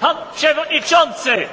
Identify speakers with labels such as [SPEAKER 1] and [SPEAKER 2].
[SPEAKER 1] Pan przewodniczący!